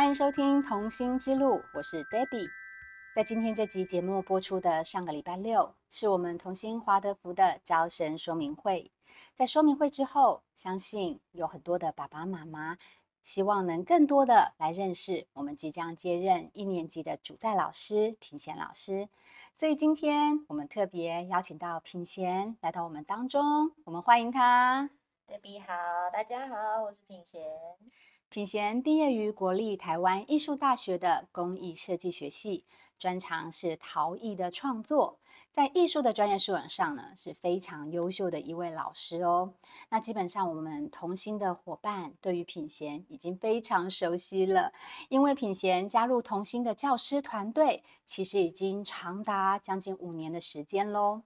歡迎收聽《同心之路》，我是 Debbie。在今天這集節目播出的上個禮拜六，是我們同心華德福的招生說明會。在說明會之後，相信有很多的爸爸媽媽希望能更多的來認識我們即將接任一年級的主帶老師品嫻老師。所以今天我們特別邀請到品嫻來到我們當中，我們歡迎他。Debbie 好，大家好，我是品嫻。品嫻畢業於國立臺灣藝術大學的工藝設計學系，專長是陶藝的創作，在藝術的專業素養上呢，是非常優秀的一位老師哦。那基本上，我們同心的夥伴對於品嫻已經非常熟悉了，因為品嫻加入同心的教師團隊，其實已經長達將近五年的時間嘍。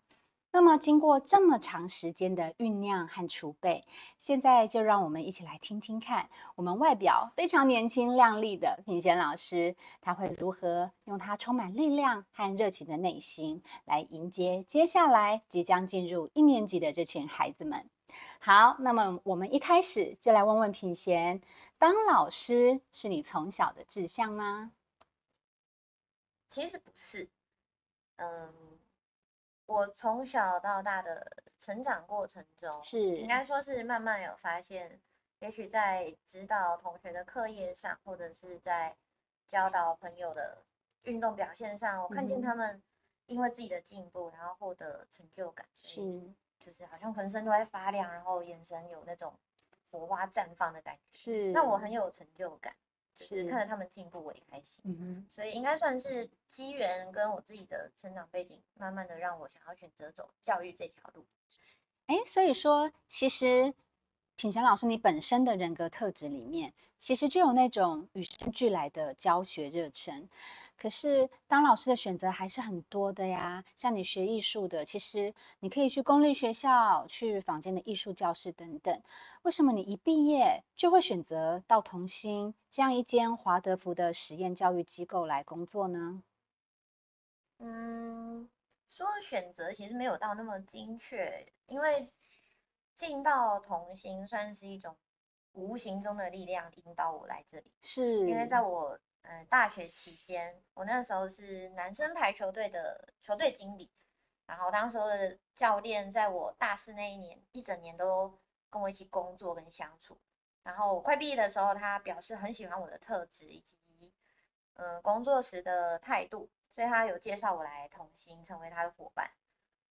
那麼，經過這麼長時間的醞釀和儲備，現在就讓我們一起來聽聽看，我們外表非常年輕靚麗的品嫻老師，他會如何用他充滿力量和熱情的內心，來迎接接下來即將進入一年級的這群孩子們。好，那麼我們一開始就來問問品嫻，當老師是你從小的志向嗎？其實不是，嗯。我從小到大的成長過程中，是應該說是慢慢有發現，也許在指導同學的課業上，或者是在教導朋友的運動表現上，我看見他們因為自己的進步，然後獲得成就感，所以，就是好像渾身都在發亮，然後眼神有那種火花綻放的感覺，是讓我很有成就感。對是看着他們進步，我也開心，嗯、哼所以應該算是機緣跟我自己的成長背景，慢慢的讓我想要選擇走教育這條路。哎，所以說其實品嫻老師你本身的人格特質裡面，其實就有那種與生俱來的教學熱忱。可是當老師的選擇還是很多的呀，像你學藝術的，其實你可以去公立學校、去坊間的藝術教室等等。為什麼你一畢業就會選擇到同心這樣一間華德福的實驗教育機構來工作呢？嗯，說選擇其實沒有到那麼精確，因為進到同心算是一種無形中的力量引導我來這裡，是因為在我。嗯，大學期間，我那時候是男生排球隊的球隊經理，然後當時候的教練在我大四那一年一整年都跟我一起工作跟相處，然後快畢業的時候，他表示很喜歡我的特質以及嗯工作時的態度，所以他有介紹我來同心成為他的夥伴。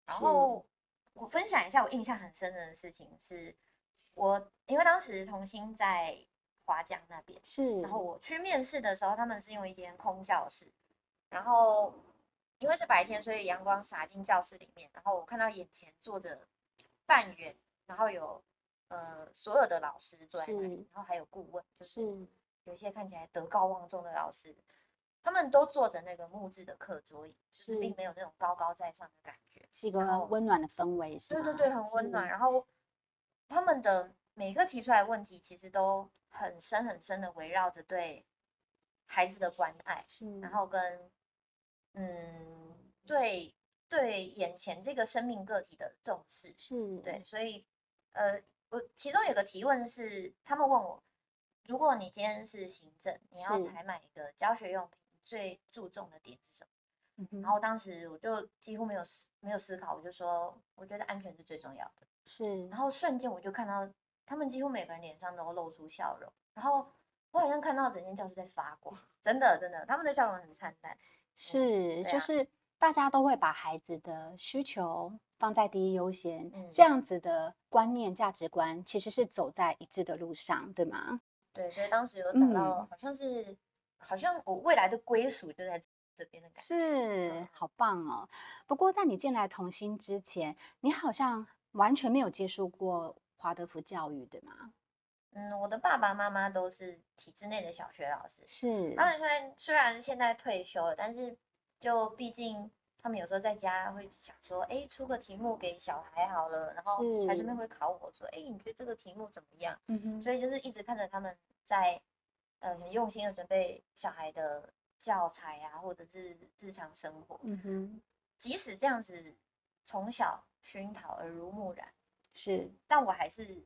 然後我分享一下我印象很深的事情是我，我因為當時同心在。花江那邊是，然後我去面試的時候，他們是用一間空教室，然後因為是白天，所以陽光灑進教室裡面，然後我看到眼前坐着半圓，然後有呃所有的老師坐在那裡，是然後還有顧問，就是有一些看起來德高望重的老師，他們都坐着那個木質的課桌椅，是，是並沒有那種高高在上的感覺，是一個後很溫暖的氛圍是，是對對對，很溫暖。是然後他們的每個提出來問題，其實都。很深很深的圍繞着對孩子的關愛，是然後跟嗯，對對眼前這個生命個體的重視，是，對，所以呃，我其中有個提問是，他們問我，如果你今天是行政，是你要採買一個教學用品，最注重的點是什麼？是然後當時我就幾乎沒有思沒有思考，我就說，我覺得安全是最重要的，是，然後瞬間我就看到。他們幾乎每個人臉上都露出笑容，然後我好像看到整間教室在發光，真的，真的，他們的笑容很燦爛，是，嗯啊、就是大家都會把孩子的需求放在第一優先，嗯、這樣子的觀念價值觀其實是走在一致的路上，對嗎？對，所以當時有找到，好像是，嗯、好像我未來的歸屬就在這邊的感覺，是，對吧？好棒哦。不過在你進來同心之前，你好像完全沒有接觸過。華德福教育對嗎？嗯，我的爸爸媽媽都是體制內的小學老師，是。他們雖然雖然現在退休了，但是就畢竟他們有時候在家會想說：“哎、欸，出個題目給小孩好了。”然後還順便會考我說：“哎是、欸，你覺得這個題目怎麼樣？”嗯哼。所以就是一直看着他們在呃很用心的準備小孩的教材啊，或者是日常生活。嗯哼。即使這樣子從小熏陶耳濡目染。是，但我還是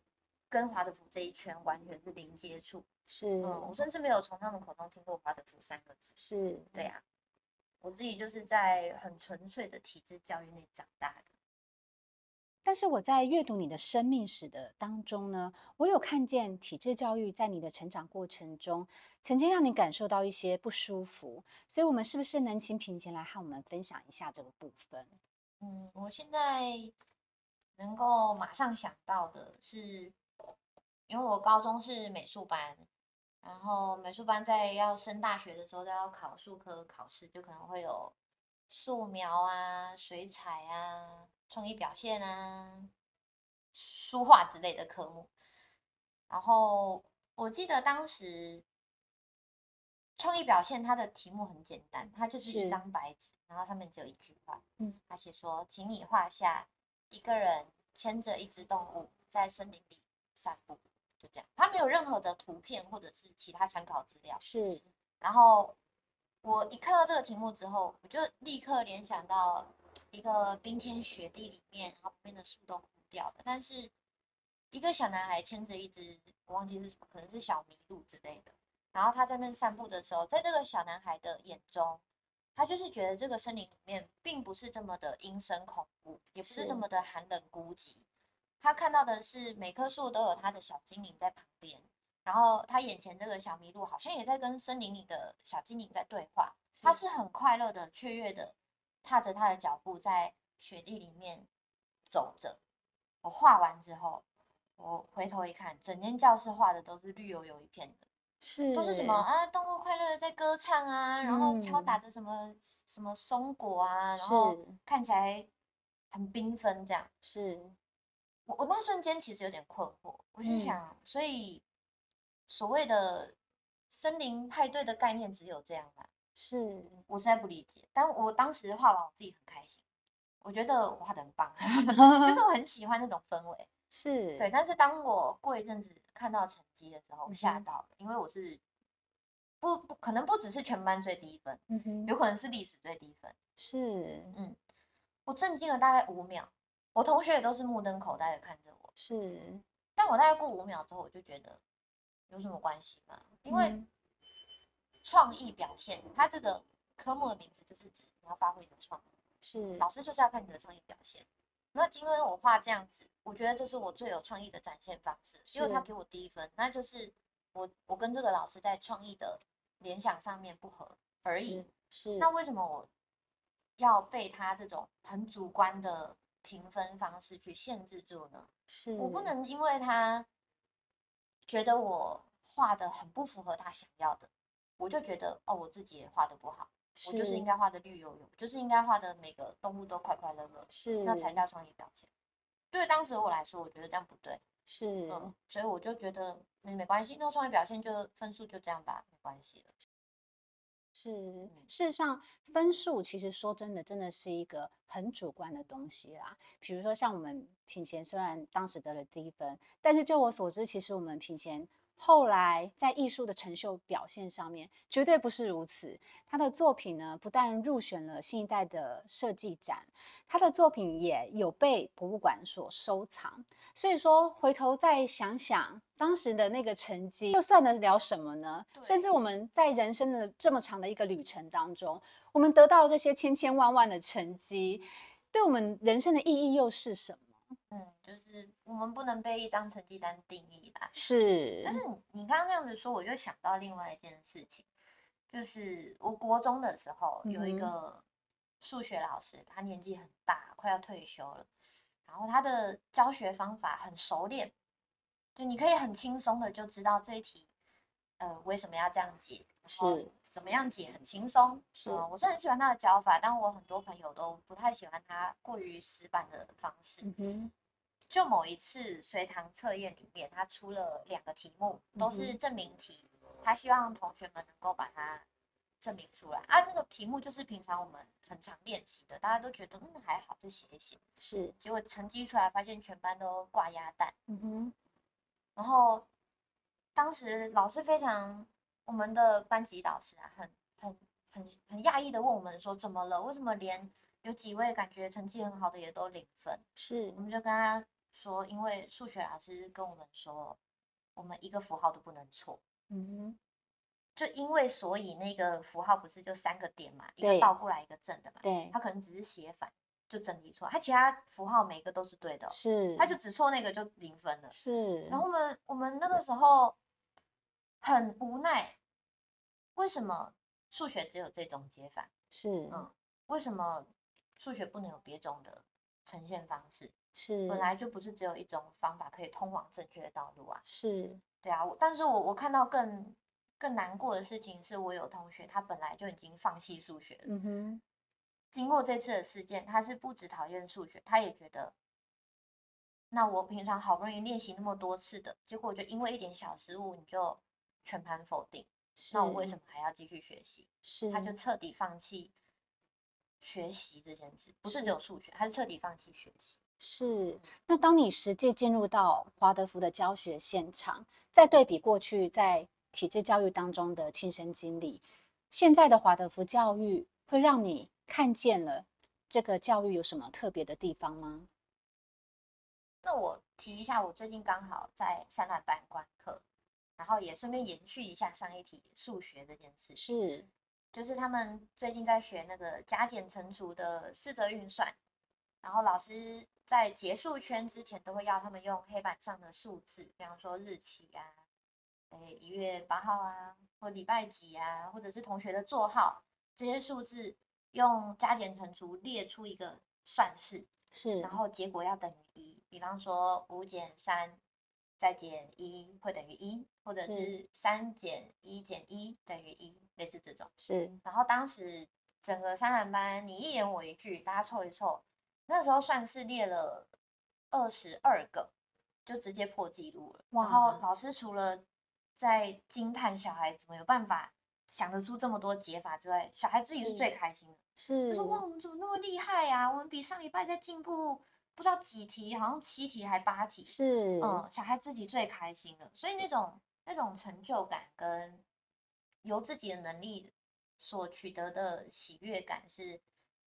跟華德福這一圈完全是零接觸。是，嗯，我甚至沒有從他們口中聽過“華德福”三個字。是，對啊，我自己就是在很純粹的體制教育內長大的。但是我在閱讀你的生命史的當中呢，我有看見體制教育在你的成長過程中曾經讓你感受到一些不舒服。所以，我們是不是能請品嫻來和我們分享一下這個部分？嗯，我現在。能夠馬上想到的是，因為我高中是美術班，然後美術班在要升大學的時候都要考術科考試，就可能會有素描啊、水彩啊、創意表現啊、書畫之類的科目。然後我記得當時創意表現它的題目很簡單，它就是一張白紙，然後上面只有一句話，嗯，它寫說：“請你畫下。”一個人牽着一隻動物在森林裡散步，就這樣，他沒有任何的圖片或者是其他參考資料。是。然後我一看到這個題目之後，我就立刻聯想到一個冰天雪地裡面，然後旁邊的樹都枯掉了，但是一個小男孩牽着一隻，我忘記是什麼，可能是小麋鹿之類的。然後他在那邊散步的時候，在這個小男孩的眼中。他就是覺得這個森林裡面並不是這麼的陰森恐怖，也不是這麼的寒冷孤寂。是他看到的是每棵樹都有他的小精靈在旁邊，然後他眼前這個小麋鹿好像也在跟森林裡的小精靈在對話。是，他是很快樂的、雀躍的，踏着他的腳步在雪地裡面走着。我畫完之後，我回頭一看，整間教室畫的都是綠油油一片的，是，都是什麼啊？冬在歌唱啊，然後敲打着什麼、嗯、什麼松果啊，然後看起來很繽紛，這樣是。我我那瞬間其實有點困惑，嗯、我就想，所以所謂的森林派對的概念只有這樣嗎？是，我實在不理解。但我當時畫完，我自己很開心，我覺得我畫的很棒， 就是我很喜歡那種氛圍。是對，但是當我過一陣子看到成績的時候，我嚇到了，嗯、因為我是。不，不可能，不只是全班最低分，嗯、哼有可能是歷史最低分。是，嗯，我震驚了大概五秒，我同學也都是目瞪口呆的看着我。是，但我大概過五秒之後，我就覺得有什麼關係嗎？嗯、因為創意表現，它這個科目的名字就是指你要發揮你的創意，是，老師就是要看你的創意表現。那今天我畫這樣子，我覺得這是我最有創意的展現方式，是因為他給我低分，那就是。我我跟這個老師在創意的聯想上面不合而已，是。那為什麼我要被他這種很主觀的評分方式去限制住呢？是，我不能因為他覺得我畫的很不符合他想要的，我就覺得哦，我自己也畫的不好，我就是應該畫的綠油油，就是應該畫的每個動物都快快樂樂，是那才叫創意表現。對於當時我來說，我覺得這樣不對，是。所以我就覺得。沒關係，那創意表現就分數就這樣吧，沒關係了。是，事實上分數其實說真的真的是一個很主觀的東西啦。嗯、比如說像我們品嫻，雖然當時得了低分，但是就我所知，其實我們品嫻。後來在藝術的成就表現上面，絕對不是如此。他的作品呢，不但入選了新一代的設計展，他的作品也有被博物館所收藏。所以說，回頭再想想當時的那個成績，又算得了什麼呢？對甚至我們在人生的這麼長的一個旅程當中，我們得到這些千千萬萬的成績，對我們人生的意義又是什麼？嗯，就是我們不能被一張成績單定義吧。是，但是你剛剛這樣子說，我就想到另外一件事情，就是我國中的時候有一個數學老師，嗯、他年紀很大，快要退休了，然後他的教學方法很熟練，就你可以很輕鬆的就知道這一題，呃，為什麼要這樣解？然後是。怎麼樣解很輕鬆，是，嗯，我是很喜歡他的教法，但我很多朋友都不太喜歡他過於死板的方式。嗯哼，就某一次隨堂測驗裡面，他出了兩個題目，都是證明題，嗯哼，他希望同學們能夠把它證明出來啊。那個題目就是平常我們很常練習的，大家都覺得嗯還好，就寫一寫。是，結果成績出來發現全班都掛鴨蛋。嗯哼，然後當時老師非常。我們的班級導師啊，很很很很訝異的問我們說：“怎麼了？為什麼連有幾位感覺成績很好的也都零分？”是，我們就跟他說：“因為數學老師跟我們說，我們一個符號都不能錯。嗯哼”嗯，就因為所以那個符號不是就三個點嘛，對一個倒過來，一個正的嘛，對，他可能只是寫反，就整理錯，他其他符號每個都是對的、喔，是，他就只錯那個就零分了，是。然後我們我們那個時候很無奈。為什麼數學只有這種解法？是，嗯，為什麼數學不能有別種的呈現方式？是，本來就不是只有一種方法可以通往正確的道路啊。是，對啊，我但是我我看到更更難過的事情是，我有同學他本來就已經放棄數學了。嗯哼，經過這次的事件，他是不只討厭數學，他也覺得，那我平常好不容易練習那麼多次的，結果就因為一點小失誤，你就全盤否定。那我為什麼還要繼續學習？是，他就徹底放棄學習這件事，是，不是只有數學，他是徹底放棄學習。是，嗯、那當你實際進入到華德福的教學現場，再對比過去在體制教育當中的親身經歷，現在的華德福教育會讓你看見了這個教育有什麼特別的地方嗎？那我提一下，我最近剛好在三班班觀課。然後也順便延續一下上一題數學這件事，是，就是他們最近在學那個加減乘除的四則運算，然後老師在結束圈之前都會要他們用黑板上的數字，比方說日期啊，誒、欸、一月八號啊，或禮拜幾啊，或者是同學的座號，這些數字用加減乘除列出一個算式，是，然後結果要等於一，比方說五減三，再減一會等於一，或者是三減一減一等於一，是。類似這種。是。然後當時整個三班，你一言我一句，大家湊一湊，那時候算是列了二十二個，就直接破紀錄了。嗯嗯哇！老師除了在驚嘆小孩怎麼有辦法想得出這麼多解法之外，小孩自己是最開心的。是。我說哇，我們怎麼那麼厲害呀、啊？我們比上禮拜再進步。不知道幾題，好像七題還八題，是，嗯，小孩自己最開心了，所以那種那種成就感跟由自己的能力所取得的喜悅感是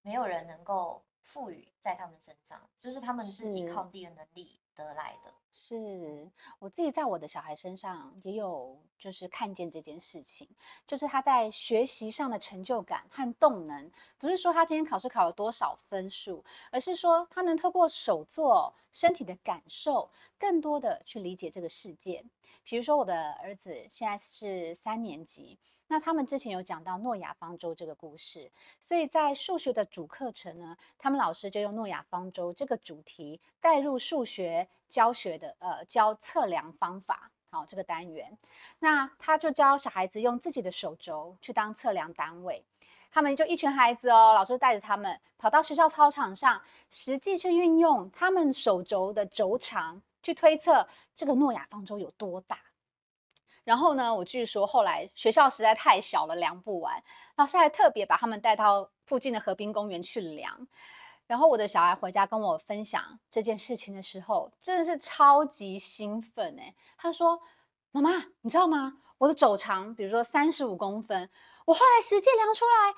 沒有人能夠賦予在他們身上，就是他們自己靠自己的能力得來的。是我自己在我的小孩身上也有，就是看見這件事情，就是他在學習上的成就感和動能，不是說他今天考試考了多少分數，而是說他能透過手作、身體的感受，更多的去理解這個世界。比如說我的兒子現在是三年級，那他們之前有講到諾亞方舟這個故事，所以在數學的主課程呢，他們老師就用諾亞方舟這個主題帶入數學。教學的呃教測量方法，好、哦、這個單元，那他就教小孩子用自己的手軸去當測量單位，他們就一群孩子哦，老師帶着他們跑到學校操場上，實際去運用他們手軸的軸長去推測這個諾亞方舟有多大。然後呢，我據說後來學校實在太小了，量不完，老師還特別把他們帶到附近的河濱公園去量。然後我的小孩回家跟我分享這件事情的時候，真的是超級興奮哎！他說：“媽媽，你知道嗎？我的肘長，比如說三十五公分，我後來實際量出來，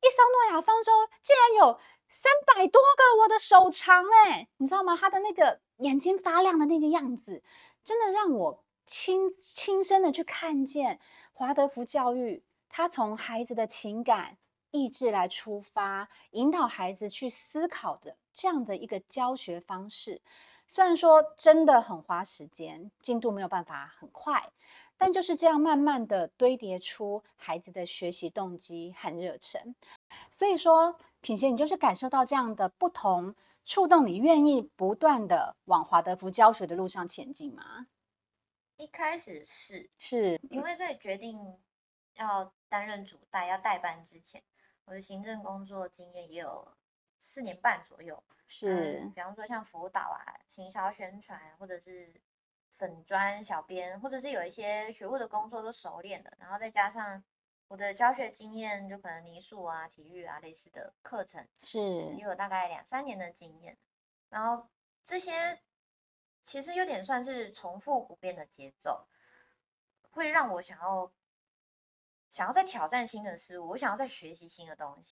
一艘諾亞方舟竟然有三百多個我的手長哎！你知道嗎？他的那個眼睛發亮的那個樣子，真的讓我親親身的去看見華德福教育，他從孩子的情感。”意志來出發，引導孩子去思考的這樣的一個教學方式，雖然說真的很花時間，進度沒有辦法很快，但就是這樣慢慢的堆疊出孩子的學習動機和熱忱。所以說，品嫻，你就是感受到這樣的不同觸動，你願意不斷的往華德福教學的路上前進嗎？一開始是是因為在決定要擔任主帶，要代班之前。我的行政工作經驗也有四年半左右，是、嗯。比方說像輔導啊、行銷宣傳，或者是粉專小編，或者是有一些學務的工作都熟練的，然後再加上我的教學經驗，就可能泥塑啊、體育啊類似的課程，是也有大概兩三年的經驗。然後這些其實有點算是重複不變的節奏，會讓我想要。想要再挑戰新的事物，我想要再學習新的東西。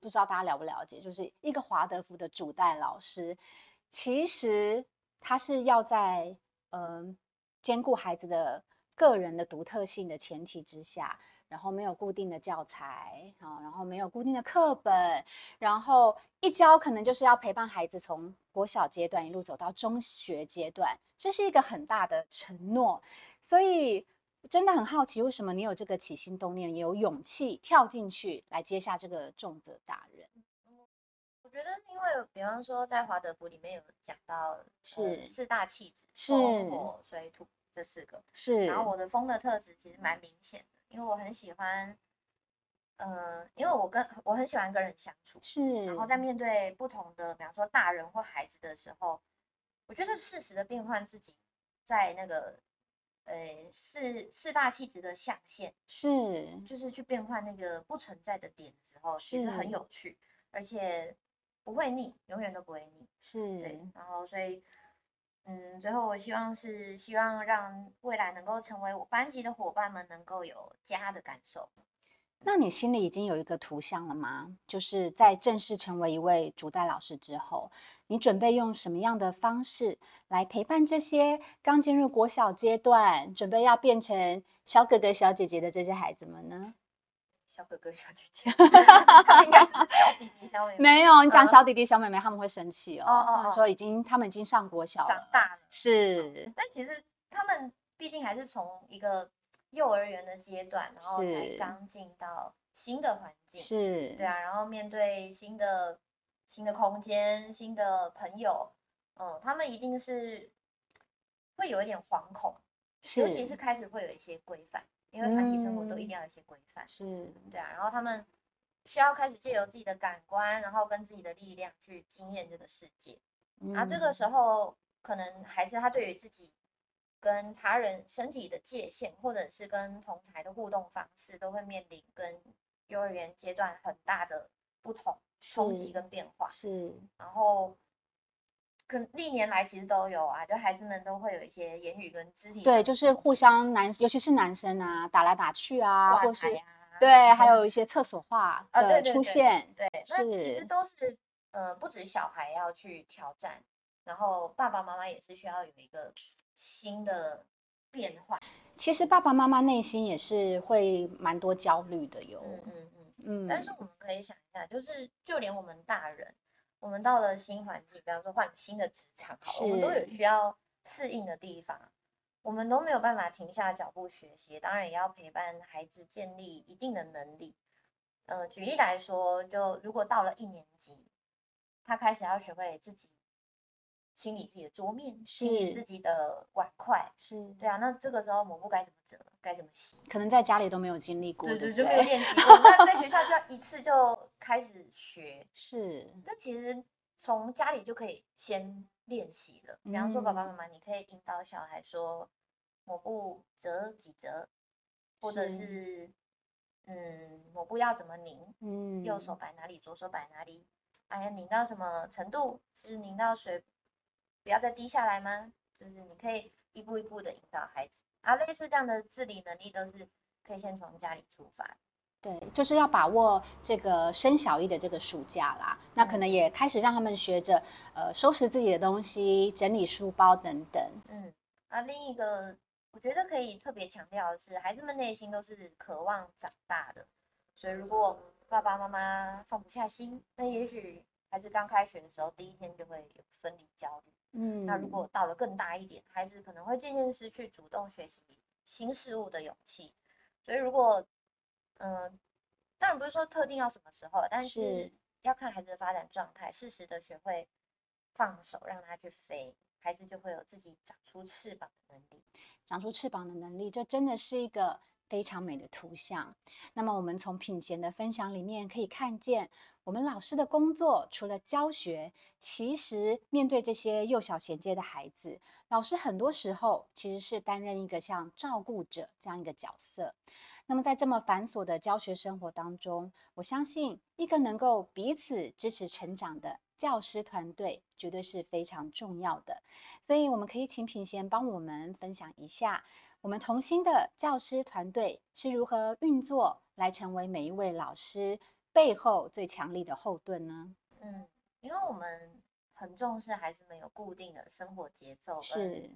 不知道大家了不了解，就是一個華德福的主帶老師，其實他是要在嗯、呃、兼顧孩子的個人的獨特性的前提之下，然後沒有固定的教材，啊，然後沒有固定的課本，然後一教可能就是要陪伴孩子從國小階段一路走到中學階段，這是一個很大的承諾，所以。真的很好奇，為什麼你有這個起心動念，有勇氣跳進去來接下這個重責大任，嗯？我覺得，因為比方說，在華德福裡面有講到是，呃、四大氣質：風、火、水、土這四個。是，然後我的風的特質其實蠻明顯的，因為我很喜歡，呃、因為我跟我很喜歡跟人相處。是，然後在面對不同的，比方說大人或孩子的時候，我覺得適時的變換自己，在那個。呃，四四大氣質的象限是，就是去變換那個不存在的點的時候，其實很有趣，是而且不會膩，永遠都不會膩。是，對，然後所以，嗯，最後我希望是希望讓未來能夠成為我班級的伙伴們能夠有家的感受。那你心裡已經有一個圖像了嗎？就是在正式成為一位主帶老師之後，你準備用什麼樣的方式來陪伴這些剛進入國小階段、準備要變成小哥哥、小姐姐的這些孩子們呢？小哥哥、小姐姐，應該 是小弟弟、小妹妹。沒有，你講小弟弟、小妹妹，啊、他們會生氣哦。哦哦哦，說已經他們已經上國小了，長大了是、嗯。但其實他們畢竟還是從一個。幼兒園的階段，然後才剛進到新的環境，是，對啊，然後面對新的新的空間、新的朋友，嗯，他們一定是會有一點惶恐，是尤其是開始會有一些規範，因為團體生活都一定要有一些規範，是、嗯，對啊，然後他們需要開始借由自己的感官，然後跟自己的力量去經驗這個世界，嗯、啊，這個時候可能還是他對於自己。跟他人身體的界限，或者是跟同台的互動方式，都會面臨跟幼兒園階段很大的不同是衝擊跟變化。是，然後跟歷年來其實都有啊，就孩子們都會有一些言語跟肢體，對，就是互相男，尤其是男生啊，打來打去啊，啊或是對，嗯、還有一些廁所話的出現。啊、對,對,對,對,對,對，對是那其實都是呃，不止小孩要去挑戰，然後爸爸媽媽也是需要有一個。新的變化，其實爸爸媽媽內心也是會蠻多焦慮的喲。嗯嗯嗯，嗯。但是我們可以想一下，就是就連我們大人，我們到了新環境，比方說換新的職場好，是我們都有需要適應的地方，我們都沒有辦法停下腳步學習，當然也要陪伴孩子建立一定的能力。呃，舉例來說，就如果到了一年級，他開始要學會自己清理自己的桌面，是清理自己的碗筷，是對啊。那這個時候抹布該怎麼折，該怎麼洗？可能在家裡都沒有經歷過，對對，就沒有練習過。 那在學校就要一次就開始學。是，那其實從家裡就可以先練習了。是比方說，爸爸媽媽，你可以引導小孩說，抹布折幾折，或者是，是嗯，抹布要怎麼擰？嗯，右手擺哪裡，左手擺哪裡？哎呀，擰到什麼程度？是擰到水。不要再低下來嗎？就是你可以一步一步的引導孩子啊，類似這樣的自理能力都是可以先從家裡出發。對，就是要把握這個升小一的這個暑假啦，嗯、那可能也開始讓他們學着呃收拾自己的東西、整理書包等等。嗯，啊，另一個我覺得可以特別強調的是，孩子們內心都是渴望長大的，所以如果爸爸媽媽放不下心，那也許孩子剛開學的時候第一天就會有分離焦慮。嗯，那如果到了更大一點，孩子可能會漸漸失去主動學習新事物的勇氣。所以如果，嗯、呃，當然不是說特定要什麼時候，但是要看孩子的發展狀態，適時的學會放手，讓他去飛，孩子就會有自己長出翅膀的能力。長出翅膀的能力，這真的是一個非常美的圖像。那麼我們從品嫻的分享裡面可以看見。我們老師的工作除了教學，其實面對這些幼小銜接的孩子，老師很多時候其實是擔任一個像照顧者這樣一個角色。那麼在這麼繁瑣的教學生活當中，我相信一個能夠彼此支持成長的教師團隊絕對是非常重要的。所以我們可以請品嫻幫我們分享一下，我們同心的教師團隊是如何運作來成為每一位老師。背後最強力的後盾呢？嗯，因為我們很重視孩子們有固定的生活節奏跟，是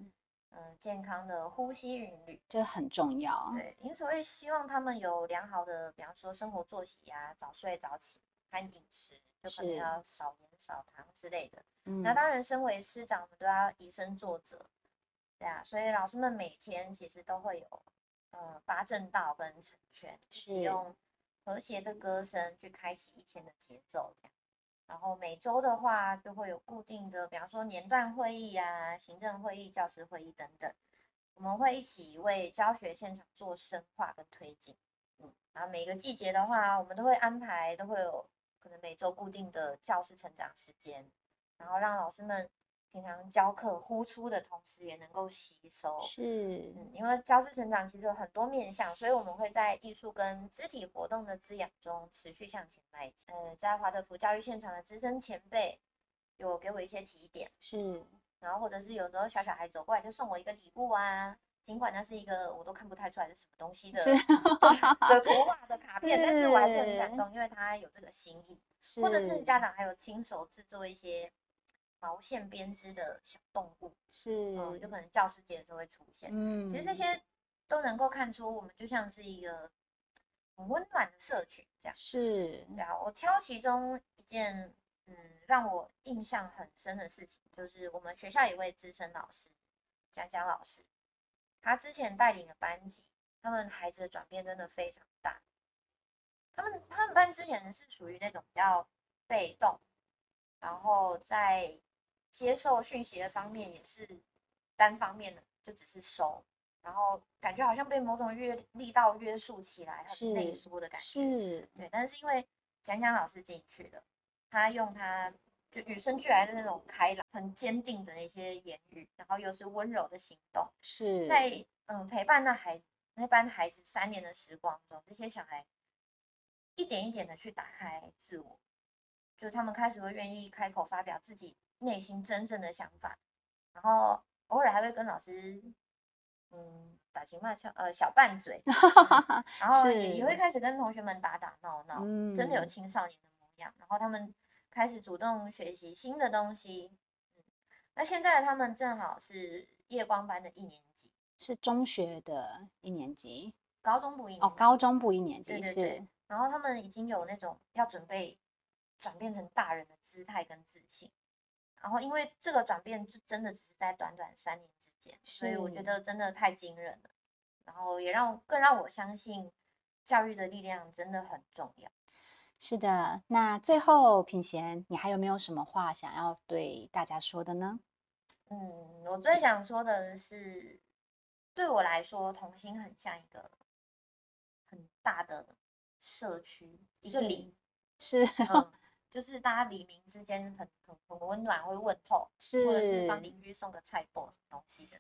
嗯健康的呼吸韻律，這很重要。對，所以希望他們有良好的，比方說生活作息呀、啊，早睡早起，還有飲食，就可能要少鹽少糖之類的。嗯是，那當然，身為師長，我們都要以身作則。對啊，所以老師們每天其實都會有，嗯，八正道跟成全使用。和諧的歌聲去開啟一天的節奏，這樣。然後每周的話就會有固定的，比方說年段會議呀、啊、行政會議、教師會議等等，我們會一起為教學現場做深化跟推進。嗯，然後每個季節的話，我們都會安排，都會有可能每周固定的教師成長時間，然後讓老師們。平常教課呼出的同時，也能夠吸收。是、嗯，因為教師成長其實有很多面向，所以我們會在藝術跟肢體活動的滋養中持續向前邁進。嗯、呃，在華德福教育現場的資深前輩有給我一些提點。是、嗯，然後或者是有時候小小孩走過來就送我一個禮物啊，儘管那是一個我都看不太出來是什麼東西的，是、哦、的圖畫的卡片，是，但是我還是很感動，因為他有這個心意。是，或者是家長還有親手製作一些。毛線編織的小動物是，嗯、哦，就可能教師節就會出現。嗯，其實這些都能夠看出，我們就像是一個很溫暖的社群這樣。是，然後我挑其中一件，嗯，讓我印象很深的事情，就是我們學校一位資深老師，蔣蔣老師，他之前帶領的班級，他們孩子的轉變真的非常大。他們他們班之前是屬於那種比較被動，然後在接受訊息的方面也是單方面的，就只是收，然後感覺好像被某種約力道約束起來，很內縮的感覺。是，對。但是因為蔣蔣老師進去的，他用他就與生俱來的那種開朗、很堅定的那些言語，然後又是溫柔的行動，是在嗯、呃、陪伴那孩那班孩子三年的時光中，這些小孩一點一點的去打開自我，就他們開始會願意開口發表自己。內心真正的想法，然後偶爾還會跟老師，嗯，打情罵俏，呃，小拌嘴、 嗯，然後也，是也會開始跟同學們打打鬧鬧，嗯、真的有青少年的模樣。然後他們開始主動學習新的東西。嗯、那現在他們正好是夜光班的一年級，是中學的一年級，高中部一年級哦，高中部一年級，是對，對，對。是然後他們已經有那種要準備轉變成大人的姿態跟自信。然後，因為這個轉變就真的只是在短短三年之間，是所以我覺得真的太驚人了。然後也讓更讓我相信教育的力量真的很重要。是的，那最後品嫻，你還有沒有什麼話想要對大家說的呢？嗯，我最想說的是，對我來說，同心很像一個很大的社區，是一個裡是。嗯 就是大家鄰里之間很很很溫暖，會問候，是或者是幫鄰居送個菜包什麼東西的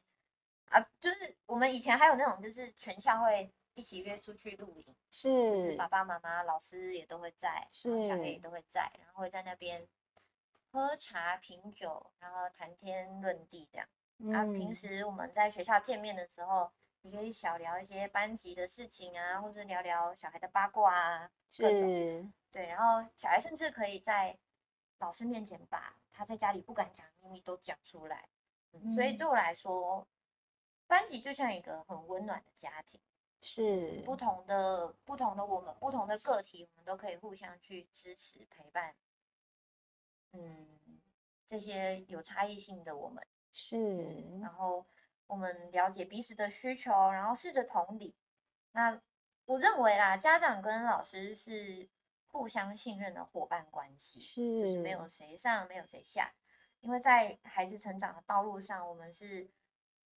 啊。就是我們以前還有那種，就是全校會一起約出去露營，是，就是爸爸媽媽、老師也都會在，是，然後小朋友也都會在，然後會在那邊喝茶品酒，然後談天論地這樣。然後平時我們在學校見面的時候。嗯你可以小聊一些班級的事情啊，或者聊聊小孩的八卦啊，是各種的。對。然後小孩甚至可以在老師面前把他在家裡不敢講的秘密都講出來。嗯。所以對我來說，班級就像一個很溫暖的家庭，是不同的不同的我們，不同的個體，我們都可以互相去支持是陪伴。嗯，這些有差異性的我們。是。嗯，然後。我們了解彼此的需求，然後試着同理。那我認為啦，家長跟老師是互相信任的夥伴關係，是，沒有誰上，沒有誰下。因為在孩子成長的道路上，我們是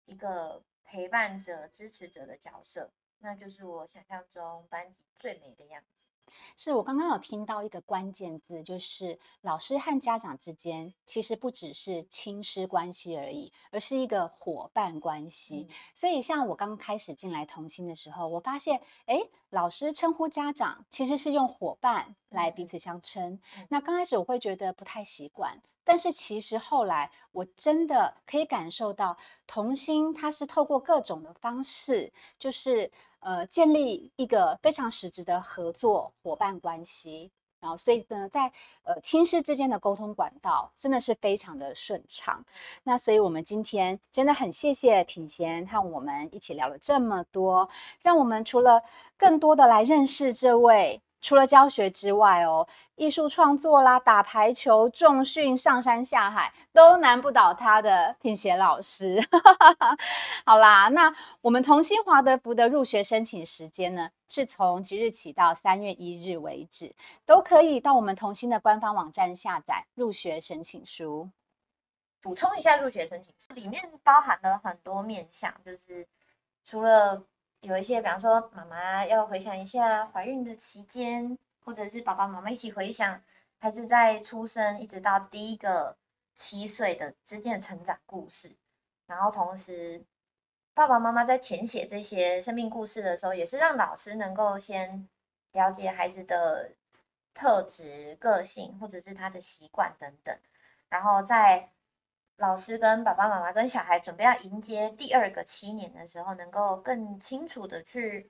一個陪伴者、支持者的角色，那就是我想象中班級最美的樣子。是我剛剛有聽到一個關鍵字，就是老師和家長之間其實不只是親師關係而已，而是一個伙伴關係。嗯、所以，像我剛開始進來同心的時候，我發現，誒，老師稱呼家長其實是用伙伴來彼此相稱。嗯、那剛開始我會覺得不太習慣，但是其實後來我真的可以感受到，同心它是透過各種的方式，就是。呃，建立一個非常實質的合作夥伴關係，然後所以呢，在呃，親師之間的溝通管道真的是非常的順暢。那所以我們今天真的很謝謝品嫻和我們一起聊了這麼多，讓我們除了更多的來認識這位。除了教學之外哦，藝術創作啦、打排球、重訓、上山下海，都難不倒他的品嫻老師。 好啦，那我們同心華德福的入學申請時間呢，是從即日起到三月一日為止，都可以到我們同心的官方網站下載入學申請書。補充一下，入學申請書裡面包含了很多面向，就是除了。有一些，比方說媽媽要回想一下懷孕的期間，或者是爸爸媽媽一起回想孩子在出生一直到第一個七歲的之間的成長故事。然後同時，爸爸媽媽在填寫這些生命故事的時候，也是讓老師能夠先了解孩子的特質、個性，或者是他的習慣等等，然後再。老師跟爸爸媽媽跟小孩準備要迎接第二個七年的時候，能夠更清楚地去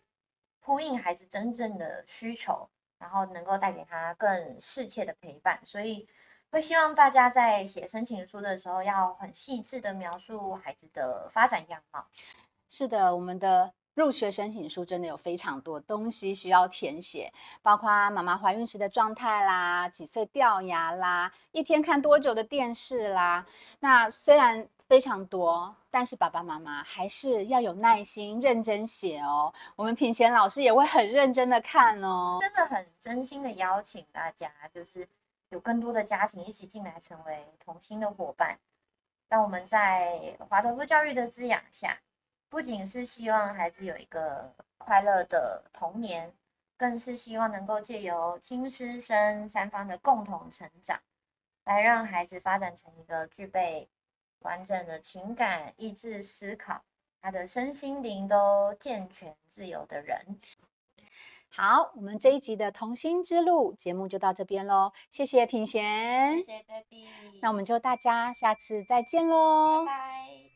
呼應孩子真正的需求，然後能夠帶給他更適切的陪伴。所以，會希望大家在寫申請書的時候，要很細致地描述孩子的發展樣貌。是的，我們的。入學申請書真的有非常多東西需要填寫，包括媽媽懷孕時的狀態啦，幾歲掉牙啦，一天看多久的電視啦。那雖然非常多，但是爸爸媽媽還是要有耐心，認真寫哦。我們品賢老師也會很認真的看哦。真的很真心的邀請大家，就是有更多的家庭一起進來成為同心的伙伴，讓我們在華德福教育的滋養下。不僅是希望孩子有一個快樂的童年，更是希望能夠借由親師生三方的共同成長，來讓孩子發展成一個具備完整的情感、意志、思考，他的身心靈都健全自由的人。好，我們這一集的《同心之路》節目就到這邊嘍。謝謝品嫻，謝謝德比。那我們就大家下次再見嘍，拜拜。